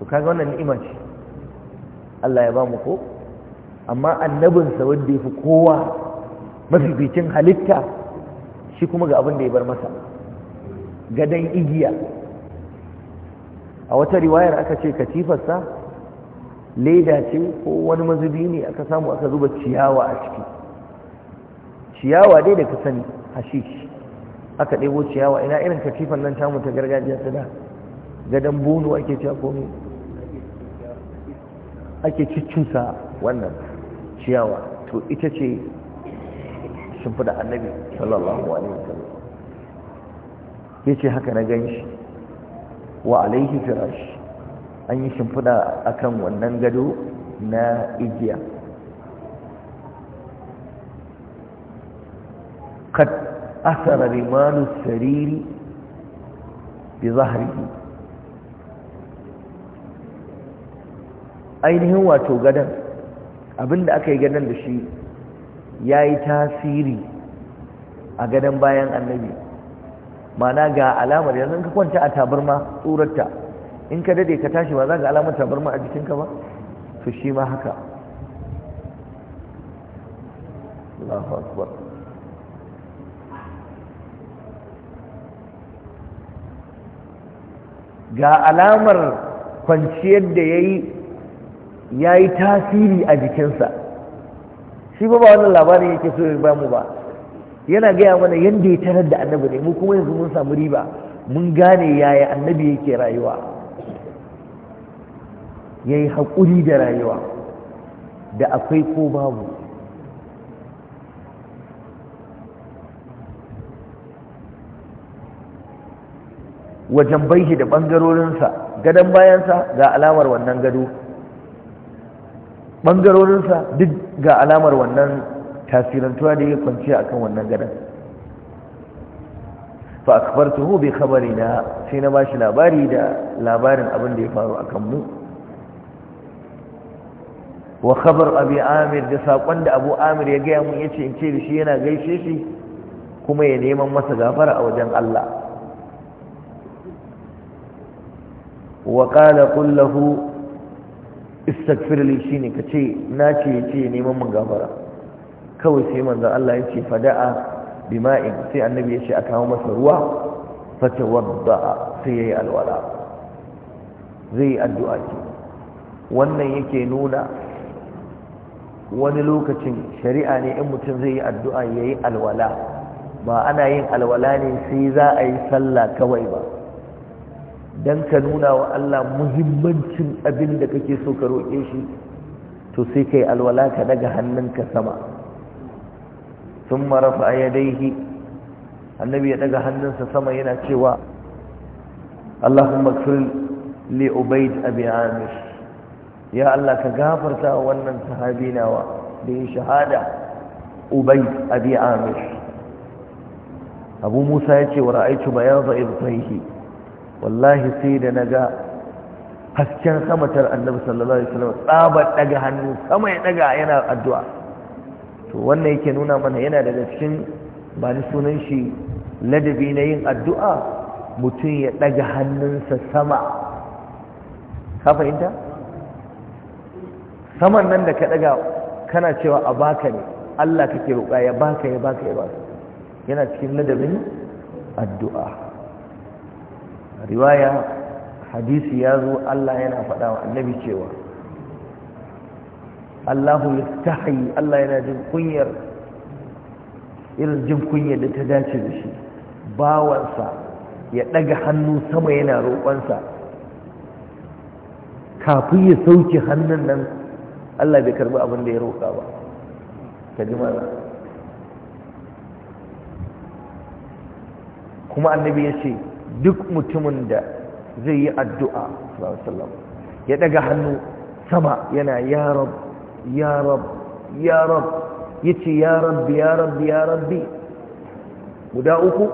to kaga wannan ni'ima ce Allah ya ba mu ko amma annabinsa wanda ya fi kowa mafificin halitta shi kuma ga abin da ya bar masa gadon igiya a wata riwayar aka ce katifarsa leda ce ko wani mazubi ne aka samu aka zuba ciyawa a ciki ciyawa dai da ka sani hashish aka ɗebo ciyawa ina irin katifan nan tamu ta gargajiya ta da gadon bunu ake cewa komi ake ciccusa wannan ciyawa to ita ce shimfida annabi sallallahu alaihi wasallam yace haka na ganshi wa alaihi firash an yi shimfida akan wannan gado na igiya kad asara rimanu sariri bi zahrihi ainihin wato gadan abinda aka yi gadan da shi ya yi tasiri a gadon bayan annabi mana ga alamar yanzu ka kwanta a tabarma tsorata in ka dade ka tashi ba za ga alamar tabarma a jikinka ba to shi ma haka ga alamar kwanciyar da ya yi tasiri a jikinsa shi ba ba wannan labarin yake so ya ba mu ba yana gaya mana yadda ya tarar da annabi ne mu kuma yanzu mun samu riba mun gane yaya annabi yake rayuwa ya yi haƙuri da rayuwa da akwai ko babu wajen bai da ɓangarorinsa gadon bayansa ga alamar wannan gado ɓangarorinsa duk ga alamar wannan tasirantuwa da ya kwanciya akan wannan gadon fa bai kabari na sai na ba shi labari da labarin abin da ya faru akan mu wa kabar abu amir da saƙon da abu amir ya gaya mun yace in ce da shi yana gaishe shi kuma ya neman masa gafara a wajen Allah wa ƙala ƙullahu istaghfirli shine ka ce na ce ya neman mun kawai sai manzon Allah ya ce fada'a bima'in sai annabi ya ce a kawo masa ruwa fatawadda sai yayi alwala zai addu'a ce wannan yake nuna wani lokacin shari'a ne in mutum zai yi addu'a yayi alwala ba ana yin alwala ne sai za a yi sallah kawai ba don ka nuna wa Allah muhimmancin abin da kake so ka roƙe shi to sai kai alwala ka daga hannunka sama sun marafa a yadaihi annabi ya daga hannunsa sama yana cewa Allahumma kfir li ubaid abi amir ya Allah ka gafarta wa wannan sahabi nawa da shahada ubaid abi amir abu musa ya ce wa ra'aitu bayan za'ir wallahi sai da na ga hasken samatar annabi sallallahu alaihi wasallam tsaba daga hannu sama ya daga yana addu'a to wannan yake nuna mana yana daga cikin ba ni sunan shi ladabi na yin addu'a mutum ya daga hannunsa sama ka fahimta saman nan da ka daga kana cewa a baka ne Allah kake roƙa ya baka ya baka ya baka yana cikin ladabin addu'a riwaya hadisi ya zo Allah yana faɗa wa annabi cewa Allahu yastahi Allah yana jin kunyar irin jin kunyar da ta dace da shi bawansa ya ɗaga hannu sama yana roƙonsa kafin ya sauke hannun nan Allah bai karɓi abin da ya roƙa ba ka ji mana kuma annabi ya ce duk mutumin da zai yi addu'a ya daga hannu sama yana ya rab ya rab ya rab yace ya rabbi ya rabbi ya rabbi guda uku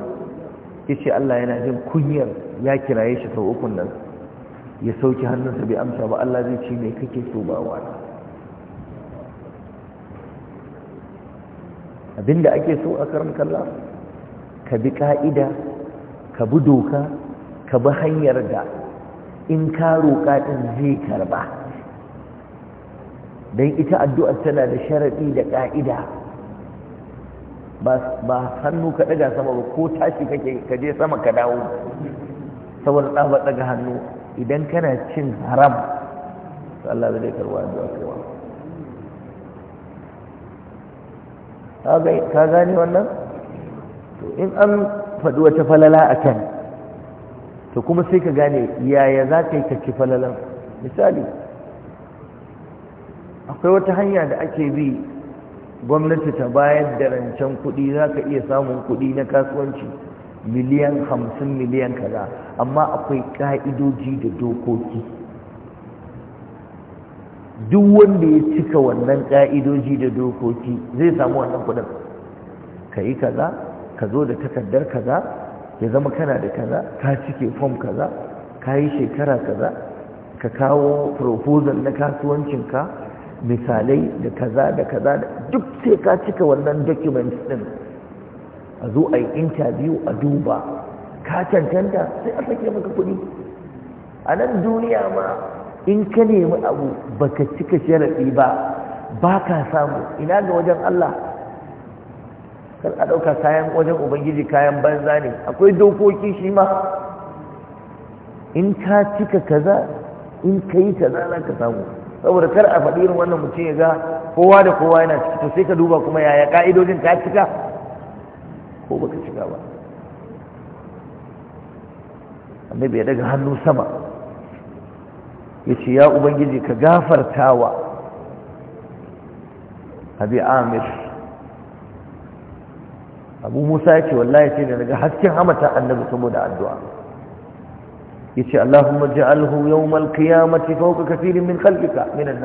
ce Allah yana jin kunyar ya kiraye shi sau ukun nan ya sauki hannunsa bai amsa ba Allah zai ce mai kake so ba wani abinda ake so a karan kalla ka bi ka'ida ka bi doka ka bi hanyar da in ka roƙa ɗin zai karba don ita addu'ar tana da sharaɗi da ƙa'ida ba hannu ka ɗaga sama ba ko tashi kake ka je sama ka dawo saboda ɗafa ɗaga hannu idan kana cin haram su Allah zai karwa addu'a kowa. ka gani wannan in an faɗi wata falala a kan to kuma sai ka gane yaya za ka yi kacci falalan misali akwai wata hanya da ake bi gwamnati ta bayar da rancen kuɗi za ka iya samun kuɗi na kasuwanci miliyan hamsin miliyan kaza amma akwai ƙa'idoji da dokoki duk wanda ya cika wannan ƙa'idoji da dokoki zai samu wannan kuɗin ka yi kaza ka zo da takardar kaza ya zama kana da kaza ka cike fom kaza ka yi shekara kaza ka kawo proposal na kasuwancinka misalai da kaza da kaza da duk sai ka cika wannan documents din a zo a yi interview a duba ka cancanta sai a sake maka kuɗi a nan duniya ma in ka nemi abu baka cika sharaɗi ba ba ka samu ina ga wajen Allah kar a ɗauka kayan wajen ubangiji kayan banza ne akwai dokoki shi ma in ka cika kaza in ka yi kaza za ka samu saboda kar a faɗi irin wannan mutum ya ga kowa da kowa yana ciki to sai ka duba kuma yaya ka'idojin ka cika ko baka cika ba annabi ya daga hannu sama ya ce ya ubangiji ka gafartawa abi amir abu musa ya ce wallahi ce da daga hasken hamata annabi saboda addu'a ya ce allahumma ja'alhu yawmal qiyamati fawqa kathirin min khalqika min an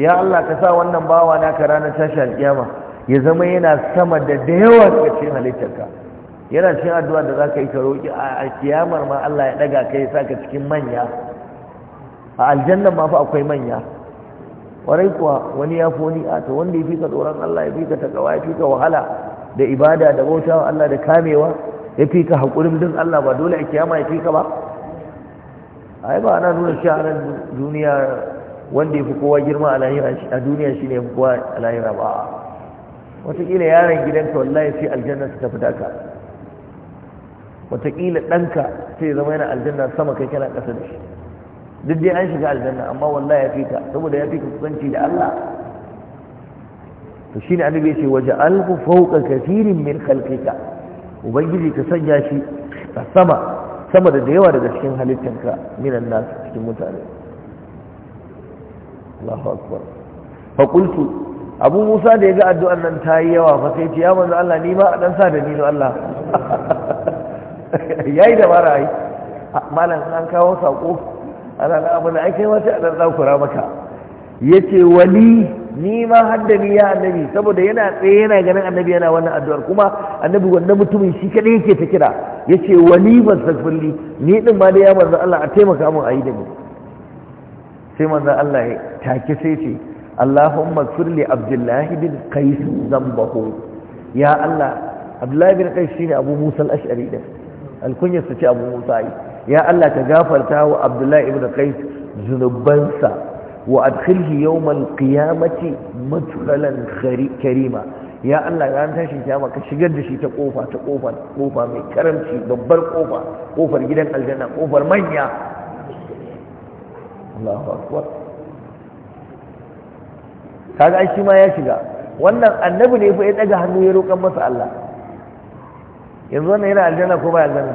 ya allah ka sa wannan bawa naka ranar tashi alkiyama ya zama yana sama da da yawa daga cikin halittarka yana cikin addu'a da ka yi ka roƙi a kiyamar ma Allah ya daga kai ya ka cikin manya a aljanna ma fa akwai manya warai kuwa wani ya fi wani a to wanda ya fi ka tsoron Allah ya fi ka takawa ya fi ka wahala da ibada da bautawa Allah da kamewa ya fi ka haƙurin bin Allah ba dole a kiyama ya fi ka ba A ai ba ana nuna shaharar duniya wanda ya fi kowa girma a duniya shi ne kowa a lahira ba wataƙila yaron gidanka wallahi sai aljanna su tafi daka wataƙila ɗanka sai zama yana aljanna sama kai kana ƙasa da shi duk dai an shiga aljanna amma wallahi ya fi ka saboda ya fi ka kusanci da Allah to shine annabi yace waje alhu fawqa kathirin min khalqika ubangiji ka sanya shi a sama sama da yawa daga cikin halittanka minan nas cikin mutane Allahu akbar fa qultu Abu Musa da yaga addu'an nan ta yi yawa fa sai ce ya manzo Allah ni ma a dan sa da ni Allah yayi da bara ai malam an kawo sako ana na abu na ai kai wata a dan zakura maka yace wali ni ma haddani ya annabi saboda yana tsaye yana ganin annabi yana wannan addu'ar kuma annabi wannan mutumin shi kadai yake ta kira yace wali fastaghfirli ni din ma da ya manzo Allah a taimaka mun ayi da mu. sai manzo Allah ya take sai ce Allahumma firli Abdullahi bin Qais zambahu ya Allah Abdullahi bin Qais shine Abu Musa al-Ash'ari din alkunyar su ce Abu Musa ya Allah ka gafarta wa Abdullahi ibn Qais zunubansa وأدخله يوم القيامة مدخلا كريما يا الله يا أنت شيء كما كشجر شيء تقوفا تقوفا تقوفا من كرم شيء دبر قوفا قوفا جدا الجنة قوفا منيا الله أكبر kaga ai shi ma ya shiga wannan annabi ne fa ya daga hannu ya roƙan masa Allah yanzu ne yana aljanna ko ba aljanna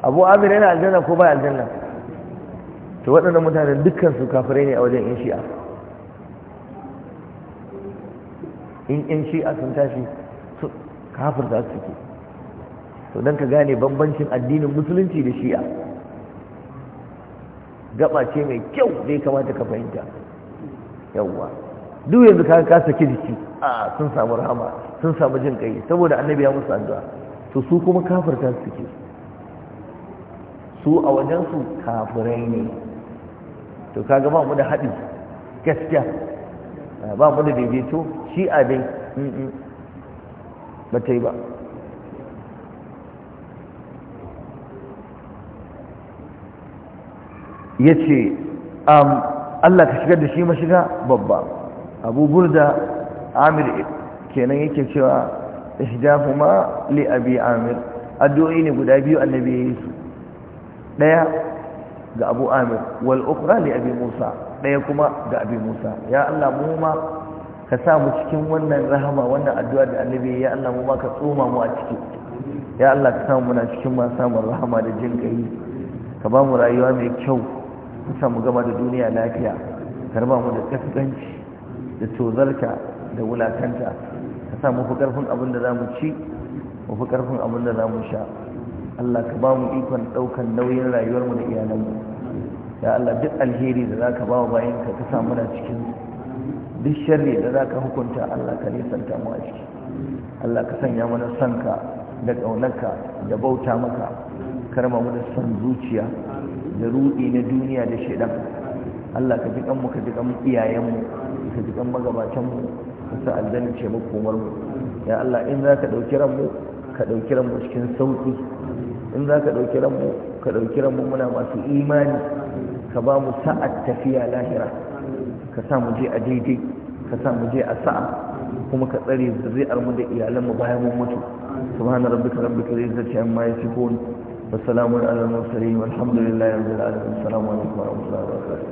Abu Amir yana aljanna ko ba aljanna to waɗannan mutanen dukkan su kafirai ne a wajen yan shi'a in yan shi'a sun tashi su kafir za su ke to don ka gane bambancin addinin musulunci da shi'a gaba ce mai kyau da ya kamata ka fahimta yawwa duk yanzu ka kasa kirki a sun samu rahama sun samu jin kai saboda annabi ya musu addu'a to su kuma kafirta suke su a wajensu kafirai ne to kaga ba mu da haɗi gaskiya ba mu da daidaito shi a dai ba ta yi ba ya ce Allah ka shigar da shi shiga babba abu burda amir kenan yake cewa ihdahuma li abi amir addu'o'i ne guda biyu annabi ya yi su ɗaya ga abu amir wal ukra li abi musa daya kuma ga abi musa ya Allah mu ma ka sa mu cikin wannan rahama wannan addu'a da annabi ya Allah mu ma ka tsoma mu a ciki ya Allah ka sa mu muna cikin ma samun rahama da jin kai ka ba mu rayuwa mai kyau ka sa mu gama da duniya lafiya ka raba mu da kaskanci da tozarka da wulakanta ka sa mu fi karfin abin da za mu ci mu fi karfin abin da za mu sha Allah ka ba mu ikon ɗaukan nauyin rayuwarmu da iyalanmu ya Allah duk alheri da za ka ba wa bayan ka ka samu na cikin duk sharri da za ka hukunta Allah ka nisanta mu a ciki Allah ka sanya mana ka da ƙaunarka da bauta maka karma da son zuciya da ruɗi na duniya da shaidan Allah ka ji kanmu ka ji iyayenmu ka ji magabatanmu ka sa aljanna ce makomar mu ya Allah in za ka ɗauki ranmu ka ɗauki ranmu cikin sauƙi in za ka ɗauki ranmu ka ɗauki ranmu muna masu imani ka ba mu sa'ad tafiya lahira ka sa mu je a daidai ka sa mu je a sa'a kuma ka tsare zuri'ar mu da iyalan mu bayan mun mutu subhana rabbika rabbil izzati amma yasifun wa salamun ala mursalin walhamdulillahi rabbil alamin assalamu alaikum wa rahmatullahi wa barakatuh